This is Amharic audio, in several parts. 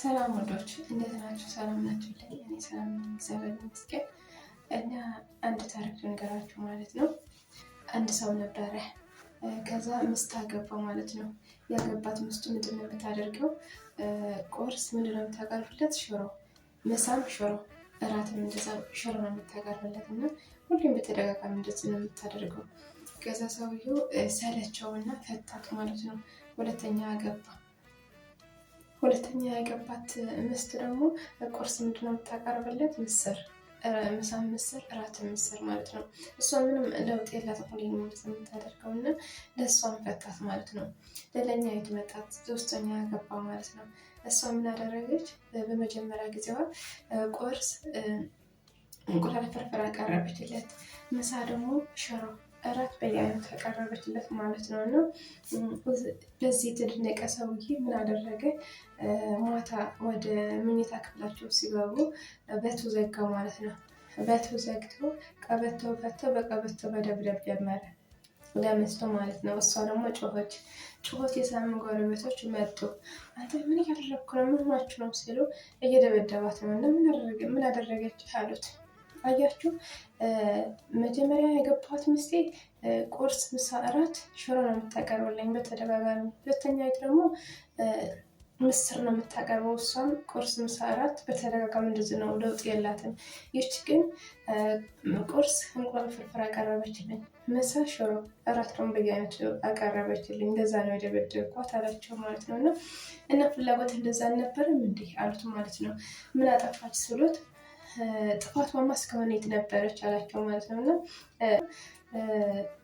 ሰላም ወዶች እንዴት ናቸው ሰላም ናቸው? ሰላም እግዚአብሔር ይመስገን። እና አንድ ታሪክ ልንገራችሁ ማለት ነው። አንድ ሰው ነበረ። ከዛ ምስት አገባው ማለት ነው። ያገባት ምስቱ ምንድን ነው የምታደርገው? ቁርስ ምንድን ነው የምታቀርብለት? ሽሮ፣ ምሳም ሽሮ፣ እራትም እንደዛ ሽሮ ነው የምታቀርብለት እና ሁሉም በተደጋጋሚ እንደዚህ ነው የምታደርገው። ከዛ ሰውየው ሰለቸውና ፈታት ማለት ነው። ሁለተኛ አገባ ሁለተኛ ያገባት ምስት ደግሞ ቁርስ ምንድን ነው የምታቀርብለት? ምስር ምሳ ምስር፣ እራት ምስር ማለት ነው። እሷ ምንም ለውጥ የላት ሁሌ ማለት ነው የምታደርገው እና ለእሷን ፈታት ማለት ነው። ለለኛ መጣት ሶስተኛ ገባ ማለት ነው። እሷ ምን አደረገች? በመጀመሪያ ጊዜዋ ቁርስ እንቁላል ፍርፍር አቀረበችለት። ምሳ ደግሞ ሽሮ እራት በየአይነት ተቀረበችለት ማለት ነው። እና በዚህ የተደነቀ ሰውዬ ምን አደረገ? ማታ ወደ ምኝታ ክፍላቸው ሲገቡ በቱ ዘጋ ማለት ነው። በቱ ዘግቶ ቀበቶ ፈቶ በቀበቶ በደብደብ ጀመረ ለምስቱ ማለት ነው። እሷ ደግሞ ጮኸች። ጮኸት የሰሙ ጎረቤቶች መጡ። አንተ ምን እያደረግኩ ነው? ምን ሆናችሁ ነው? ሲሉ እየደበደባት ነው እና ምን አደረገች አሉት። አያችሁ፣ መጀመሪያ የገባት ምስቴ ቁርስ፣ ምሳ፣ እራት ሽሮ ነው የምታቀርብልኝ በተደጋጋሚ። ሁለተኛ ደግሞ ምስር ነው የምታቀርበው። እሷም ቁርስ፣ ምሳ፣ እራት በተደጋጋሚ እንደዚህ ነው፣ ለውጥ የላትም። ይች ግን ቁርስ እንቁላል ፍርፍር አቀረበችልኝ፣ ምሳ ሽሮ፣ እራት ደግሞ በየአይነቱ አቀረበችልኝ። እንደዛ ነው የደበደብኳት አላቸው ማለት ነው። እና እና ፍላጎት እንደዛ አልነበረም እንዲህ አሉት ማለት ነው። ምን አጠፋች ስሎት ጥፋቷማ እስከሆነ የት ነበረች አላቸው ማለት ነው። እና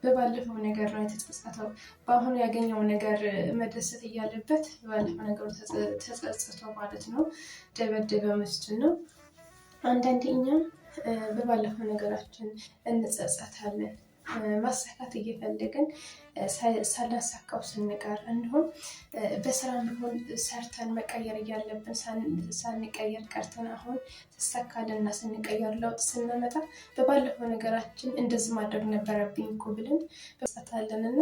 በባለፈው ነገር ነው የተጸጸተው። በአሁኑ ያገኘው ነገር መደሰት እያለበት በባለፈው ነገሩ ተጸጸተው ማለት ነው ደበደበ ሚስቱን ነው። አንዳንዴ እኛም በባለፈው ነገራችን እንጸጸታለን። ማሳካት እየፈለግን ሳናሳካው ስንቀር እንዲሁም በስራ ሆን ሰርተን መቀየር እያለብን ሳንቀየር ቀርተን አሁን ስሳካልና ስንቀየር ለውጥ ስናመጣ በባለፈው ነገራችን እንደዚህ ማድረግ ነበረብኝ እኮ ብለን በሳታለን እና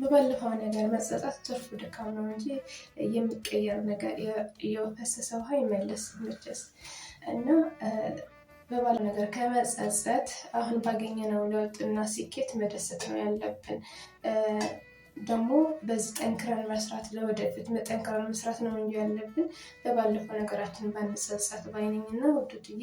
በባለፈው ነገር መጸጸት ትርፉ ድካም ነው እንጂ የሚቀየር ነገር የፈሰሰ ውሃ ይመለስ መቼስ እና በተባለ ነገር ከመጸጸት አሁን ባገኘነው ለውጥና ስኬት መደሰት ነው ያለብን። ደግሞ በዚህ ጠንክረን መስራት ለወደፊት መጠንክረን መስራት ነው እንጂ ያለብን በባለፈው ነገራችን ባንጸጸት ባይነኝና ውዱትዬ